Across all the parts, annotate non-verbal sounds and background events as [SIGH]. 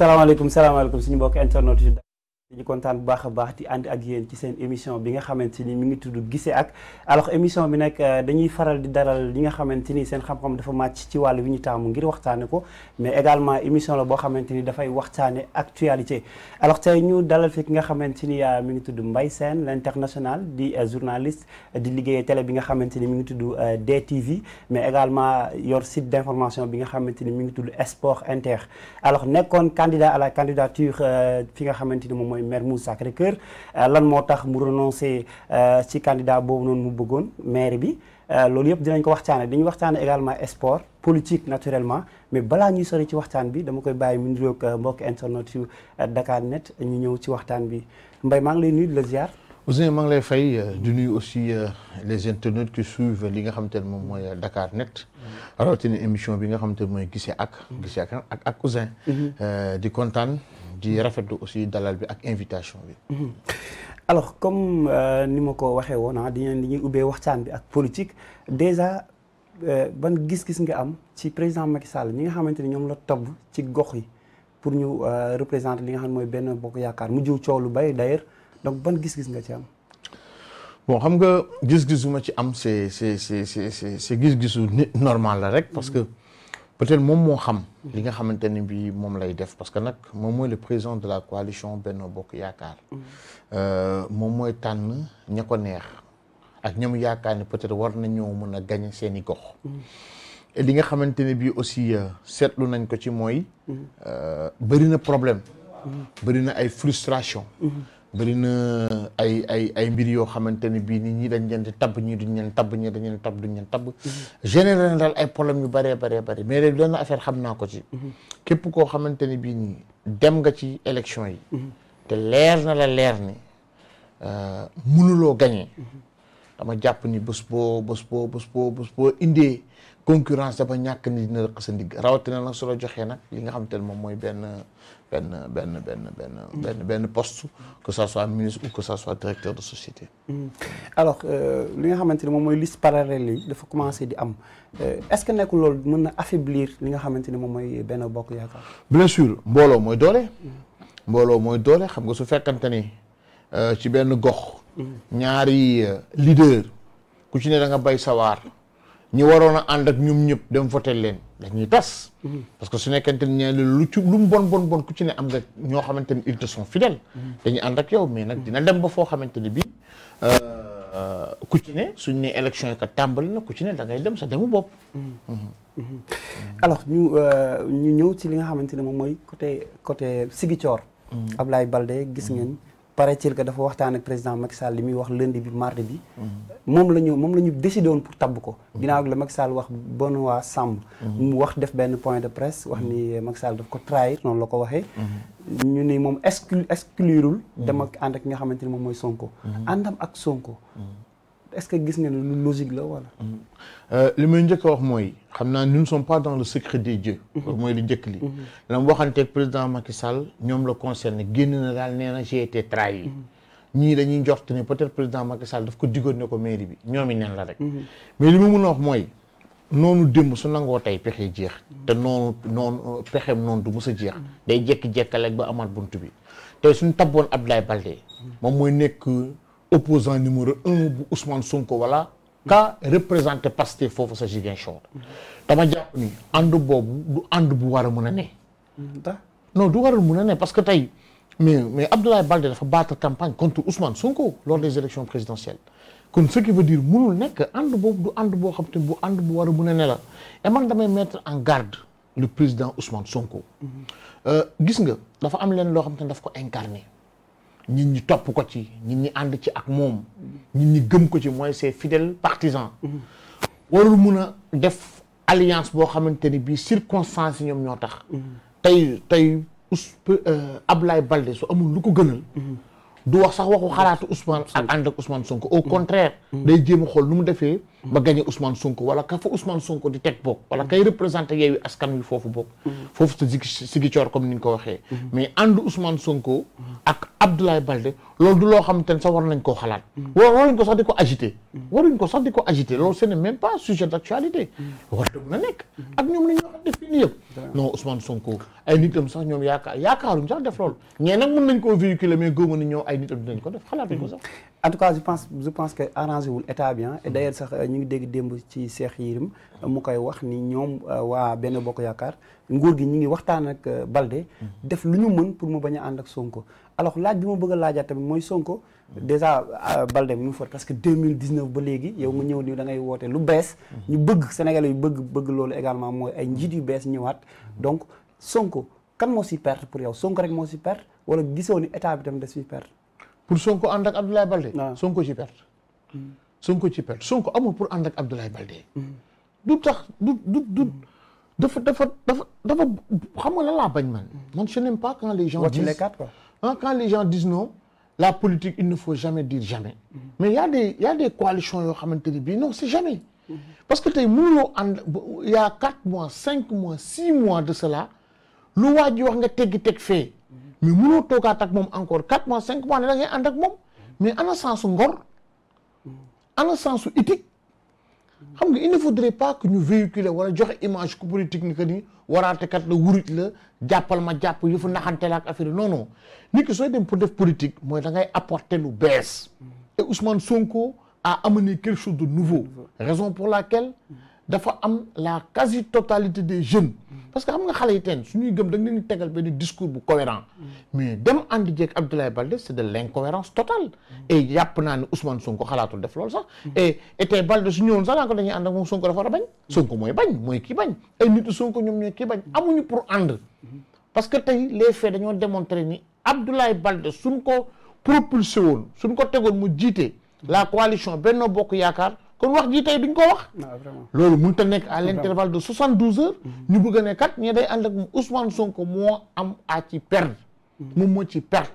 salaamaaleykum salaamaaleykum suñu mbokk internet yi ñu kontaan bu baax a baax di ànd ak yéen ci seen émission bi nga xamante ni ngi tudd gise ak alors émission bi nag euh, dañuy faral di dalal ñi nga xamante ni seen xam-xam dafa màcc ci wàll wi ñu taamu ngir waxtaane ko mais également émission la boo xamante ni dafay waxtaane actualité alors tey ñu dalal fi ki nga xamante ni euh, mi ngi tudd Mbaye Sène l'international di euh, journaliste di liggéey télé bi nga xamante ni mi ngi tudd DTV mais également yor site d'information bi nga xamante ni mi ngi tudd Sport Inter alors nekkoon candidat ni moom mooy mooy Mermoz Sacré-Cœur euh, lan moo tax mu renoncé euh, ci candidat boobu noonu mu bëggoon maire bi euh, loolu yëpp dinañ ko waxtaane dañuy waxtaane également sport politique naturellement mais balaa ñuy sori ci waxtaan bi dama koy bàyyi mu nuyoog mbokk internet yu Dakar Net ñu ñëw ci waxtaan bi Mbaye maa ngi lay nuyu di la ziar. Ousmane maa ngi lay fay di nuyu aussi les internautes qui suivent li nga xam te ne moom mooy Dakar Net rawatina émission bi nga xam te ne mooy gisee ak. gisee ak ak Ousmane. Mm-hmm. di kontaan. di rafetlu aussi dalal bi ak invitation bi. Mhm. alors comme euh, ni ma ko waxee woon ah dañuy dañuy ubbee waxtaan bi ak politique déjà euh, ban gis-gis nga am ci président Macky Sall ñi nga xamante ni ñoom la tobb ci gox yi pour ñu euh, représenter li nga xam ne mooy benn bokk yaakaar mu jiw coow lu bay d'ailleurs donc ban gis-gis nga ci am. bon xam nga gis-gisu ci am c'est c'est gis-gisu normal la rek peut-être moom moo xam li nga xamante ne bi moom lay def parce que nag moom mooy le président de la coalition Benno Bokk Yaakaar euh, moom mooy tànn ña ko neex ak ñoom yaakaar ne peut-être war nañoo mën a gañ seeni i gox li nga xamante ne bii aussi euh, seetlu nañ ko ci mooy mm. euh, bëri na problème bëri na ay frustration mm. bëri na ay ay ay mbir yoo xamante ne bii nii ñii dañ leen di tabb ñii duñ leen tabb ñii dañ leen tab duñ leen tabb. Mhm. général daal ay problème yu bëree bare bëri mais léegi lenn affaire xam naa ko ci. Mhm. képp koo xamante ne bii nii dem nga ci élection yi. Mhm. te leer na la leer ni euh, mënuloo gagné. dama jàpp ni bés boo bés boo bés boo bés boo indee concurrence dama ñàkk ni dina rëq sa ndigg rawatina la su la joxee nag li nga xam ne moom mooy benn benn benn benn benn benn benn poste que ça soit ministre ou que ça soit directeur de hmm. euh, li nga xamante ne moom mooy liste parallèle yi dafa commencé di am euh, est-ce que nekkul loolu mën na affaiblir li nga xamante ne moom mooy benn bokk yaakaar bien sûr mbooloo mooy doole hmm. mbooloo mooy doole xam nga su fekkante ni euh, ci benn gox ñaari euh, leader ku ci da nga bay sawaar ñi waroon a ànd ak ñoom ñëpp dem voté leen dañuy tas. parce que su nekkente ne ñaari lu ci lu mu bon bon bon ku am na ñoo xamante ni ils te sont fidèles. dañuy ànd ak yow mais nag dina dem ba foo xamante ni bii. Euh, ku ci suñ ne élection yi kat tàmbali na ku ci ne da ngay dem sa demu bopp. alors ñu euh, ñu ñëw ci li nga xamante ne moom mooy côté côté Ziguinchor. Mm-hmm. Ablaye Balde gis ngeen. paraît-il que dafa waxtaan ak président Macky Sall li muy wax lënd bi mardi bi. moom la ñu moom la ñu décidé woon pour tabb ko. ginnaaw la Macky Sall wax Benoît Samb. mu wax def benn point de presse wax ni Macky Sall daf ko trahir noonu la ko waxee. ñu nii moom exclu exclurul. dem ak ànd ak ki nga xamante ni moom mooy Sonko. àndam ak Sonko. est-ce que gis ngeen lu logique la wala. Mhm. Euh, li may njëkk a wax mooy xam naa nous ne sommes pas dans le secret des mhm. mooy lu njëkk li. Mhm. la mu waxanteeg président Macky Sall ñoom la concerné génn na daal nee na j'ai été trahi. ñii dañuy njort ne peut-être président Macky Sall daf ko diggoon ne ko mairie bi ñoom i neen la rek. mais li mu mun a wax mooy. noonu démb su nangoo tey pexe jeex. te noonu noonu euh, pexem noonu du mës a jeex. day jékki-jékki rek ba amaat bunt bi. tey suñu tabboon Abdoulaye Baldé. opposant numéro un bu Ousmane Sonko wala ka représenté Pastef foofu sa Ziguinchor dama jàpp ni ànd boobu du ànd bu war a mën a ne non du waral mu mën a ne parce que tey mais mais Abdoulaye Baldé dafa battre campagne contre Ousmane Sonko lors des élections présidentielles kon ce qui veut dire mënul nekk ànd boobu du ànd boo xam te bu ànd bu war a mën a ne la et man damay mettre en garde le président Ousmane Sonko mhm. euh, gis nga dafa am leen loo xam te ne daf ko incarné ñit ñi topp ko ci ñit ñi ànd ci ak moom ñit ñi gëm ko ci mooy ses fidèles partisans warul mun a def alliance boo xamante ni bii circonstance yi ñoom ñoo tax tey tey ab euh, Ablaye Balde su amul lu ko gënal du wax sax waxu xalaatu Ousmane ak ànd ak Ousmane Sonko au mm. contraire mm. day jéem a xool nu mu defee ba gagné Ousmane Sonko wala ka fa Ousmane Sonko di teg bokk wala kay représenté yeewi askan wi foofu book foofu sa Ziguinchor comme ni ñu ko waxee mais àndu Ousmane Sonko ak Abdoulaye Balde loolu du loo xamante ne sax war nañ koo xalaat waruñ ko sax di ko agité waruñ ko sax di ko agité loolu ce n'est même pas sujet d'actualité war na nekk ak ñoom la ñu wax def fii nii yëpp non Ousmane Sonko ay nitam sax ñoom yaakaaruñ sax def loolu ñee nag nañ koo véhiculer mais góoma ni ko def xalaatuñ en tout cas je pense je pense que arrangé wul état bi et d'ailleurs sax euh, ñu ngi dégg démb ci Cheikh Yérim mu koy wax ni ñoom euh, waa benn bokk yaakaar nguur gi ñu ngi waxtaan ak euh, Balde. def lu ñu mën pour mu bañ a ànd ak Sonko alors laaj bi ma bëgg a laajaat tamit mooy Sonko. déjà Balde mu ngi fort parce que 2019 ba léegi yow nga ñëw nii dangay ngay woote lu bees. ñu bëgg sénégal yi bëgg bëgg loolu également mooy ay njiit yu bees ñëwaat donc Sonko kan moo si perte pour yow Sonko rek moo si perte wala gisoo ni état bi tamit da pour Sonko ànd ak Abdoulaye Balde. waaw ah. Sonko ci perte. Sonko ci amul pour ànd ak Abdoulaye du tax du du du dafa dafa dafa dafa xam nga la laa bañ man. man je n'aime pas quand les gens. disent les quatre quoi. ah quand les gens disent non. la politique il ne faut jamais dire jamais. mais il y a des yoo xamante ni bii non c'est jamais. parce que tey mu ànd il y quatre mois cinq mois six mois de cela lu waaj wax nga teggi teg fee. mais mënoo toogaat ak moom encore 4 mois 5 mois ne da ngay ànd ak moom mais ana sensu ngor ana sensu éthique xam nga il ne faudrait pas que ñu véhiculer wala joxe image ku politique ni que ni waraatekat la wurit la jàppal ma jàpp yëfu fu la ak affaire non ni nit ki sooy dem pour def politique mooy da ngay apporter lu bees et Ousmane Sonko a amené quelque chose de nouveau raison pour laquelle dafa am la quasi totalité des jeunes parce que xam nga xale yi teen suñuy gëm da nga leen di tegal benn discours bu cohérent mais dem ànd jeeg Abdoulaye Baldé c' est de l' incohérence totale et jàpp naa ne Ousmane Sonko xalaatul def loolu sax et et tey Baldé su ñëwoon sax naa ko dañuy ànd ak moom Sonko dafa war a bañ Sonko mooy bañ mooy kii bañ ay nitu Sonko ñoom ñooy kii bañ amuñu pour ànd parce que tey les faits dañoo démontrer ni Abdoulaye Baldé suñ ko propulsé ko tegoon mu jiite la coalition Benno Bokk Yaakaar kon wax ji tey duñ ko wax. loolu mënut ta nekk à l'intervalle de 72 heures. Mhm. ñu bëgg a ne kat ñi day ànd ak Ousmane Sonko moo am a ci perdre. Mhm. moom moo ci perdre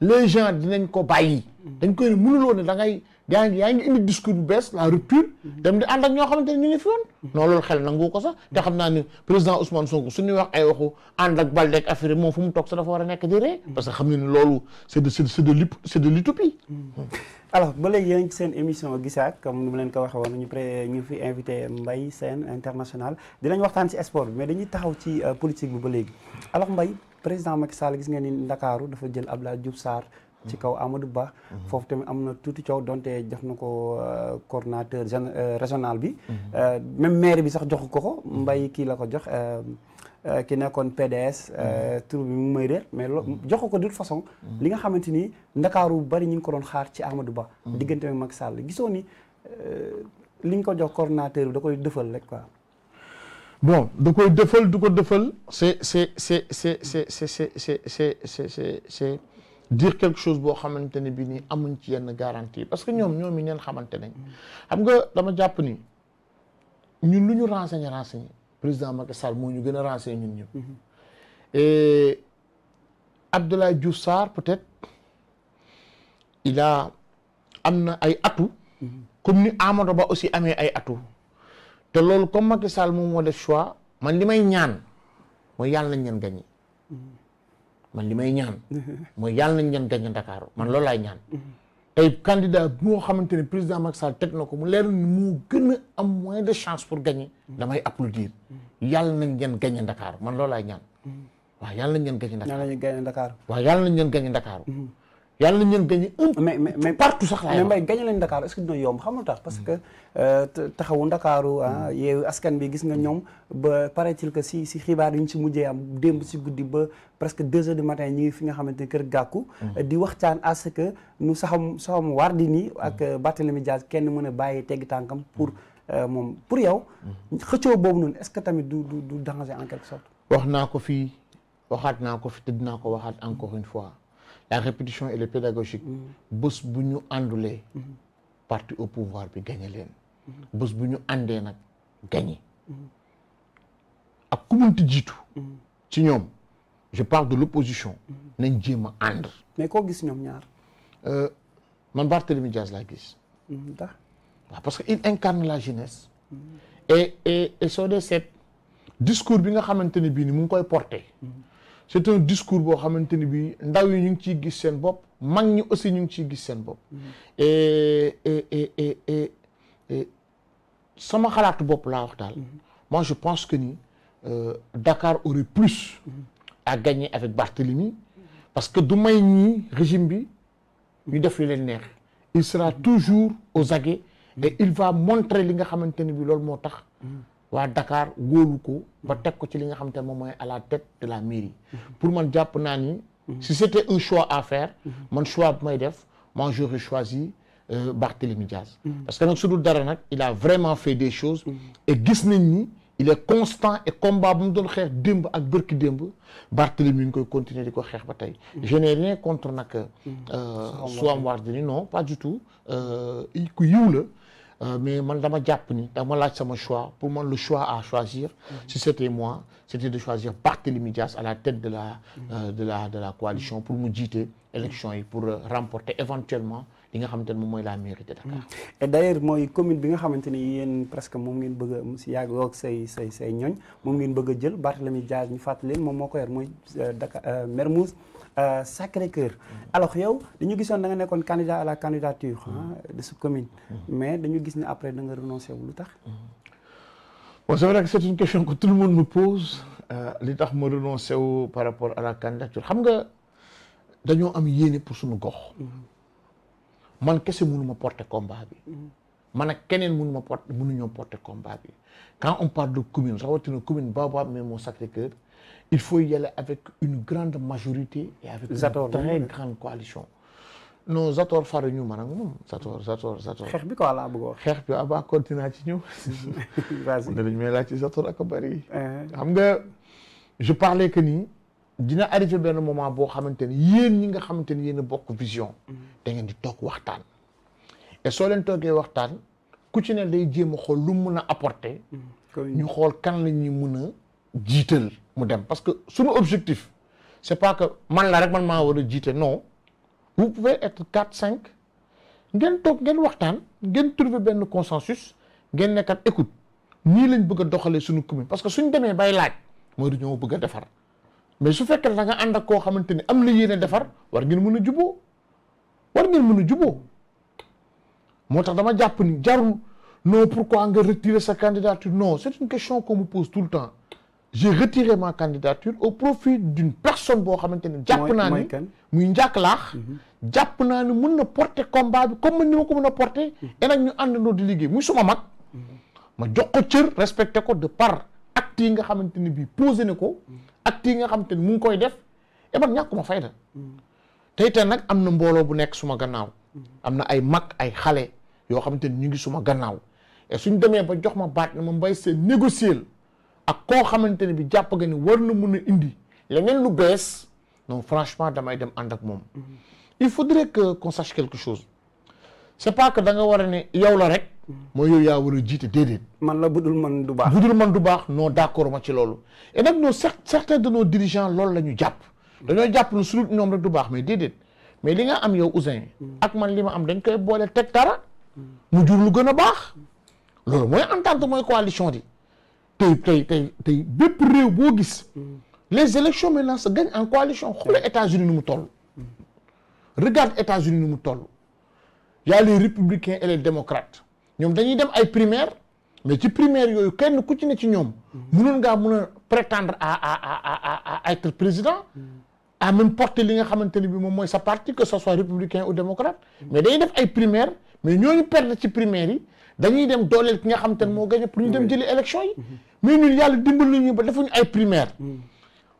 les gens dinañ ko bàyyi. Mhm. dañ koy mënuloo ne da ngay. yaa ngi indi discours bu bees la rupture mhm. dem di ànd ak ñoo xamante ne ñu ngi fi woon mhm. non loolu xel nangu ko sax te xam naa ni président Ousmane Sonko suñuy wax ay waxu ànd ak Balde ak affaire moom fu mu toog sax dafa war a nekk di ree mhm. parce que xam ne ni loolu c'est de c'est de c'est ba léegi yéen seen émission gisaak comme nu mu leen ko waxee woon ñu pré ñu fi invité mbay seen international dinañ waxtaan ci sport bi mais dañuy taxaw ci euh, politique bi ba léegi alors mbay président Macky Sall gis nga ni Ndakaaru dafa jël Abdoulaye Diouf Sarr ci kaw Amadou baax foofu tamit am na tuuti coow donte jox na ko coordonnateur régional bi. même maire bi sax joxu ko ko. mbay kii la ko jox. ki nekkoon PDS. tur bi mu may réer mais loolu jox ko de façon. li nga xamante ni ndakaaru bari ñu ngi ko doon xaar ci amadu baax diggante mag Macky Sall gisoo ni li ñu ko jox coordonnateur bi da koy dëfal rek quoi. bon da koy dëfal du ko dëfal c'est c'est c'est c'est c'est c'est c'est c'est c'est dire quelque chose boo xamante ne bi nii amuñ ci yenn garantie parce que ñoom ñoom yi neen xamante nañ xam nga dama jàpp ni ñun lu ñu renseigné renseigné président Macky Sall moo ñu gën a renseigné ñun ñëpp mhm. et Abdoulaye Diouf Sarr peut-être il am na ay atout mhm. comme ni Amadou Ba aussi amee ay atout te loolu comme Macky moom moo def choix man li may ñaan mooy yàlla nañ leen gañi ma li may ñaan. [LAUGHS] mooy yàlla nañ leen gañ Ndakaaru man loolu laay ñaan. Mm-hmm. tey candidat moo xamante ne président Macky Sall teg na ko mu leer ni mu gën a am moins de chance pour gagner. Mm-hmm. damay applaudir mm-hmm. yàlla nañ leen gañ Ndakaaru man loolu laay ñaan. waaw yàlla nañ leen gañ Ndakaaru yàlla nañ leen gañ Ndakaaru. waaw yàlla nañ yàlla nañ leen gagné un mais mais partout sax mais mbay gagné leen Dakar est-ce que dina yomb xamul tax parce que euh, taxawu Ndakaaru ah hmm. yeewu askan bi gis nga ñoom ba paraît-il que si si xibaar yi ñu si mujjee am démb si guddi ba presque deux heures du matin ñu ngi fi nga xamante ne kër gàkku hmm. di waxtaan à ce que nu saxam saxam Wardini ak hmm. Barthélémy Dias kenn mën a bàyyi tegg tànkam pour euh, moom pour yow xëccoo boobu noonu est-ce que tamit du du du danger en quelque sorte wax naa ko fii waxaat naa ko fi te dinaa ko waxaat encore une fois la répétition elle est pédagogique. Mm-hmm. bés bu ñu àndulee. Mm-hmm. parti au pouvoir bi gagné leen. bës bu ñu àndee nag gagné. Mm-hmm. ak ku munti jiitu. ci ñoom je parle de l'opposition. nañ jéem a ànd. mais koo gis ñoom ñaar. Euh, man Barthélemy Diaz laa gis. ndax parce que il incarne la jeunesse. et et et soo dee seet discours bi nga xamante ne bii ni mu koy porté. c'est un discours boo xamante ni bii ndaw yi ñu ngi ci gis seen bopp mag ñi aussi ñu ngi ciy gis seen bopp. Mm-hmm. sama xalaatu bopp laa wax daal. Mm-hmm. moi je pense que ni euh, dakaar aurait plus. Mm-hmm. à gagner avec Barthélemy. parce que du may ñii régime bi ñu def li leen neex. il sera toujours au aguets. et il va montrer li nga xamante ni bii loolu moo tax. waa Dakar wóolu ko ba teg ko ci li nga xam te moom mooy à la tête de la mairie. pour man jàpp naa ni. si c'était un choix à faire. man choix bu may def man j'aurais choisi euh, Barthélémy Diaz. parce que nag su dul dara nag il a vraiment fait des choses. et gis nañ ni il est constant et combat bu mu doon xeex démb ak bërki démb Barthélémy mi ngi koy continuer di ko xeex ba tey. je ne rien contre nag. Euh, Soham Wardini non pas du tout. Euh, ku yiw la. Euh, mais man dama jàpp ni dama laaj sama choix pour man le choix à choisir mhm. si c'était moi c'était de choisir Barthélémy Dias à la tête de la euh, la de la coalition pour mu jiite élection yi pour euh, remporter éventuellement li nga xamante ne moom mooy la mairie de Dakar et d'ailleurs mooy commune bi nga xamante ni yéen presque moom ngeen bëgg a si say say say ñooñ moom ngeen bëgg a jël mi Dias ñu fàttali moom moo ko yar mooy Dakar Mermoz Euh, Sacré Cœur alors yow dañu gisoon da nga nekkoon candidat à la candidature de sa commune mais dañu gis ni après da nga renoncé wu lu tax bon c'est vrai que c'est une question que tout le monde me pose euh, li tax ma renoncé wu par rapport à la candidature xam nga dañoo am yéene pour suñu gox man kese mënuma porter combat bi man ak keneen mënuma porter mënuñoo porter combat bi quand on parle de commune rawatina commune Baobab mais moo Sacré Cœur il faut y aller avec une grande majorité et avec Zator, une très oui. grande coalition non Zator faruñu man ak moom Zator Zator Zator. xeex bi ko laa bëgg xeex bi abaa ah continent ci ñëw. [LAUGHS] vas-y ne lañ eh. xam nga je que ni dina arrivé benn moment boo xamante ni yéen ñi nga xamante ni yéen bokk vision. Mm-hmm. da ngeen di toog waxtaan. et soo leen toogee waxtaan ku ci ne day jéem xool lu mu mun a apporter. Mm-hmm. ñu xool kan la ñuy mun a. jiital mu dem parce que suñu objectif c'est pas que man la rek man maa war a jiite non vous pouvez quatre cinq ngeen toog ngeen waxtaan ngeen trouver benn consensus ngeen nekkat écoute nii lañ bëgg doxalee suñu commune parce que suñ demee bay laaj mooy dañoo bëgg a defar mais su fekkee da nga ànd ak koo xamante ni am na yéene defar war ngeen mën a juboo war ngeen mën a juboo moo tax dama jàpp ni jarul non pourquoi nga retirer sa candidature non c'est le temps j'ai retiré ma candidature au profit d'une personne boo xamante ne jàpp naa ni muy njàkklaax mhm. jàpp naa ni mun na porter combat bi comme ni ma ko mun a porter mhm. et nag ñu àndandoo di liggéey muy suma mag mhm. ma jox ko cër respecté ko de par acte yi nga xamante ni bii posé na ko acte yi nga xamante ni mu ngi koy def et man ñàkkuma fayda tey tey nag am na mbooloo bu nekk suma gannaaw am na ay mag ay xale yoo xamante ni ñu ngi suma gannaaw et suñ demee ba jox ma baat ne ma mbay seen négocier ak koo xamante ne bi jàpp nga ni war na mun a indi leneen lu bees non franchement damay dem ànd ak moom mm-hmm. il faudrait que qu'on sache quelque chose c'est pas que da nga war a ne yow la rek mm-hmm. mooy yow yaa war a jiite déedéet man la budul man du baax budul man du baax non d'accord ma ci loolu et nag nos certains de nos dirigeants loolu la ñu jàpp mm-hmm. dañoo jàpp ne su dul ñoom rek du baax mais déedéet mais li nga am yow Ouzin ak man li ma am dañ koy boole teg dara mu jur lu gën a baax loolu mooy entente mooy coalition di tey tey tey tey bépp réew boo gis les élections maintenant sa gagnent en coalition xoolal États-Unis nu mu toll regarde États-Unis nu mu toll y a les républicains et les démocrates ñoom dañuy dem ay primaires mais ci primaires yooyu kenn ku ci ne ci ñoom mënoon ngaa mën a prétendre à a a à être président à même porter li nga xamante ne bi moom mooy sa parti que ce soit républicain ou démocrate mais dañuy def ay primaires mais ñooñu perdre ci primaires yi dañuy dem dooleel ki nga xam te ne moo gagné pour ñu dem jëli élection yi mais ñun yàlla dimbal nañu ba defuñu ay primaire mm.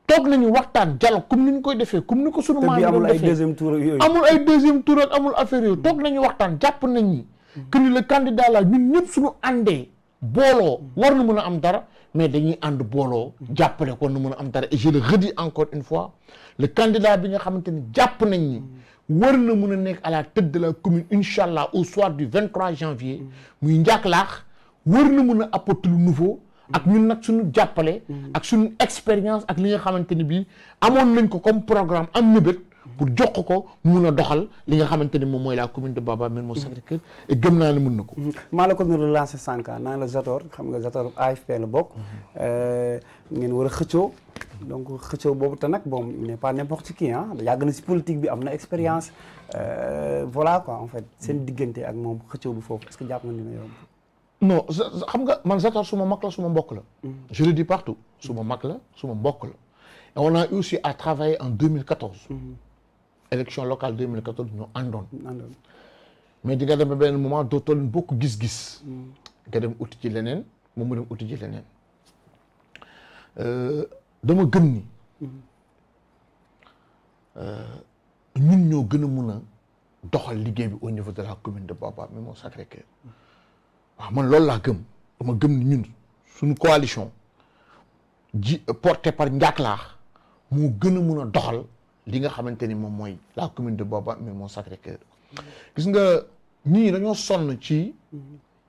toog nañu waxtaan jàll comme ni ñu koy defee comme ni ko sunu maam doon defee amul ay deuxième tour ak amul affaire yooyu toog nañu waxtaan jàpp nañ ñi que ni le candidat la ñun ñëpp suñu àndee booloo war na mun a am dara mais dañuy ànd booloo jàppale ko na mun a am dara et je le redis encore une fois le candidat bi nga xamante ni jàpp nañ ñi war na mun a nekk à la tête de la commune incha allah au soir du 23 janvier. muy njàkklaax war na mun a apporter lu nouveau. ak ñun nag suñu jàppale. ak suñu expérience ak li nga xamante ni bii amoon nañ ko comme programme am mébét. pour jox ko mu a doxal li nga xamante ni moom mooy la commune de Baba Mbéne Mbour mhm. sacré gëm naa ne mun na ko mhm. maa la ko nu relancé sànq naa la Zator xam nga Zator AFP la bokk mhm. euh, ngeen war a xëccoo donc xëccoo boobu te nag bon il n'est pas n'importe qui ah yàgg na si politique bi am na expérience euh, voilà quoi en fait seen diggante ak moom xëccoo bi foofu est que jàpp nga dina yomb non xam nga man Zator suma mag la suma mbokk la je le dis su ma mag la suma mbokk la et on à travailler en 2014 mm -hmm. élection locale 2014 ñu àndoon. àndoon mais di nga dem ba benn moment dootoo leen bokk gis-gis. Mm. nga dem uti ci leneen moom mu dem uti ji leneen. Euh, dama gëm ni. Mm. Euh, ñun ñoo gën a mun a doxal liggéey bi au niveau de la commune de Baba mais mon Sacré-Cœur. waaw man loolu laa gëm dama gëm ni ñun suñu coalition. ji porté par Ndiaklaax moo gën a mun a doxal. li nga xamante ni moom mooy la commune de Booba mais mon Sacré-Cœur gis nga nii dañoo sonn ci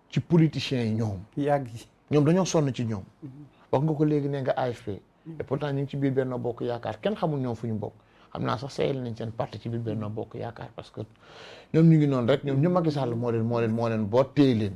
ci politiciens yi ñoom yàgg yi ñoom dañoo sonn ci ñoom mm-hmm. wax nga ko léegi nee nga AFP mm-hmm. et pourtant ñu ngi ci biir Benno Bokk Yaakaar kenn xamul ñoom fu ñu bokk xam naa sax seeyal nañ seen parti ci biir Benno Bokk Yaakaar parce que ñoom ñu ngi noonu rek ñoom ñu Macky Sall moo leen moo leen moo leen boo téye leen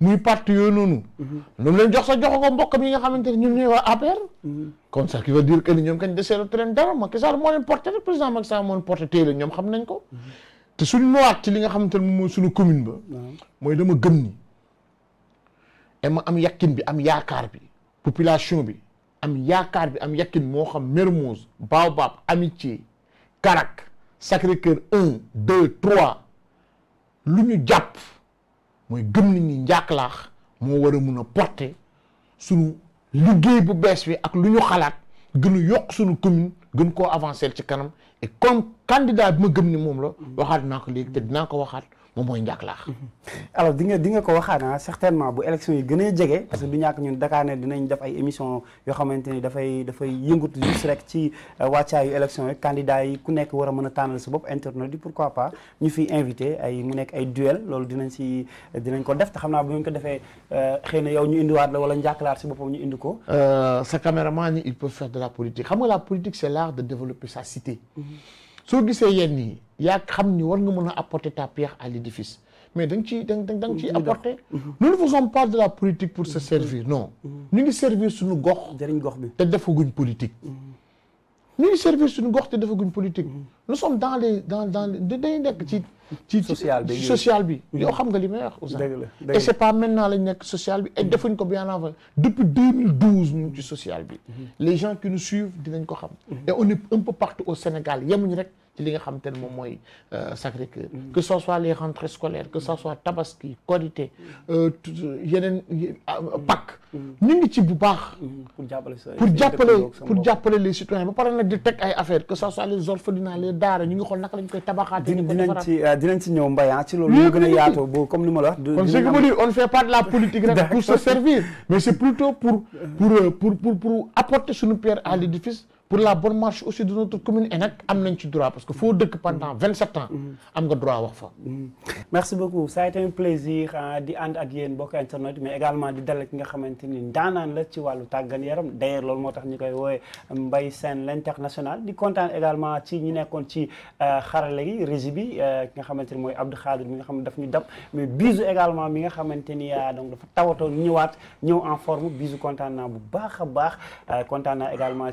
muy parti yooyu noonu. lu mhm. leen jox sa jox ko mbokkam yi nga xamante ne ñun ñooy waa APR. Mhm. kon ça qui veut dire que ni ñoom kañ deseeru train dara Macky Sall moo leen porté rek président Macky Sall moo leen porté tey la ñoom xam nañ ko. Mhm. te suñu nuwaat ci li nga xamante ne moom mooy suñu commune ba. mooy dama gëm ni. et am yakkin bi am yaakaar bi. population bi am yaakaar bi am yakkin moo xam Mermoz Baobab Amitié Karak Sacré-Cœur un deux trois lu ñu jàpp. mooy gëm nit ñi njàkkalaax moo war a mun a porter suñu liggéey bu bees bi ak lu ñu xalaat gën a yokk suñu commune gën koo avancer ci kanam et comme candidat bi ma gëm ni moom la waxaat naa ko léegi te dinaa ko waxaat moom mooy njàkklaax [LAUGHS] alors di nga di nga ko waxaana ah, certainement bu élection yi gën a jege parce que du ñàkk ñun Dakar ne dinañ def ay émission yoo xamante ni dafay dafay yëngut juste rek ci euh, wàccaayu élection yi candidat yi ku nekk war a mën a tànnal sa bopp internet yi pourquoi pas ñu fi invité ay mu nekk ay duel loolu dinañ si dinañ ko def te xam naa bu ñu ko defee euh, xëy na yow ñu indiwaat la wala njàkklaar si boppam ñu indi ko euh, sa caméraman il peut faire de la politique xam la politique c'est l'art de développer sa cité mm-hmm. soo gisee yenn yi yaa xam ni war nga mën a apporter ta pierre à l'édifice mais da nga ciy da nga da nga ciy apporter. Mhm. nous ne faisons pas de la politique pour se servir mhm. no mhm. ñu ngi servir su suñu gox. jëriñ gox bi te defaguñ politique. ñu ngi servir suñu gox te defaguñ politique. nous sommes dans les dans dans dañuy nekk ci. ci social bi social bi yow xam nga li may wax Ousseyn. et c'est pas maintenant lañ nekk social bi et mm-hmm. defuñ ko bien avant depuis 2012 ñu ngi social bi. Mm-hmm. les gens qui nous suivent dinañ ko xam. Mm-hmm. et on est un peu partout au Sénégal yemuñu rek. ci li nga xam te ne moom mooy euh, Sacré Cœur mm. que ce soit les rentrées scolaires que ce mm. soit tabaski korité euh, yeneen mm. Pâques ñu ci bu baax pour jàppale pour jàppale pour jàppale les citoyens ba pare nag di teg ay affaires que ce soit les orphelinats daara ñu xool naka lañ koy tabaxaatee dinañ ci euh, dinañ ci ñëw mbaya ah, ci loolu ñu gën yaatoo bo comme ni ma la wax kon on ne fait la politique rek [LAUGHS] pour se servir mais c'est plutôt pour apporter suñu pierre à l'édifice pour la bonne marche aussi de notre commune et nag am nañ ci droit parce que foo dëkk pendant mm. am nga droit wax fa mm. merci beaucoup ça a été un plaisir euh, di ànd ak yéen mbokk internet mais également di dalal ki nga xamante ni ndaanaan la ci wàllu tàggat yaram d'ailleurs loolu moo tax ñu koy woowe Mbaye Sène l'international di kontaan également ci ñi nekkoon ci euh, xarala yi régie bi euh, ki nga xamante ni mooy Abdou Khadir mi nga xam ne daf ñu dab mais bisu également mi nga xamante ni donc dafa tawatoon ñëwaat ñëw en forme bisu kontaan naa bu baax a baax kontaan naa également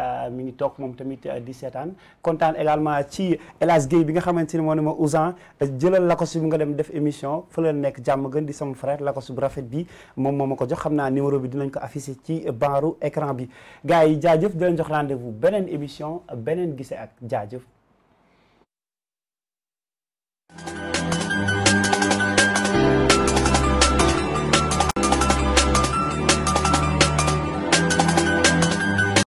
Euh, mi ngi toog moom tamit euh, di seetaan kontaan également ci El Hadj bi nga xamante ni moo ne ma Ousan jëlal lakos bi nga dem def émission fa la nekk jàmm gën di sama frère lakos bu rafet bi moom moo ma ko jox xam naa numéro bi dinañ ko affiché ci baaru écran bi gars yi jaajëf dinañ jox rendez beneen émission beneen gise ak jaajëf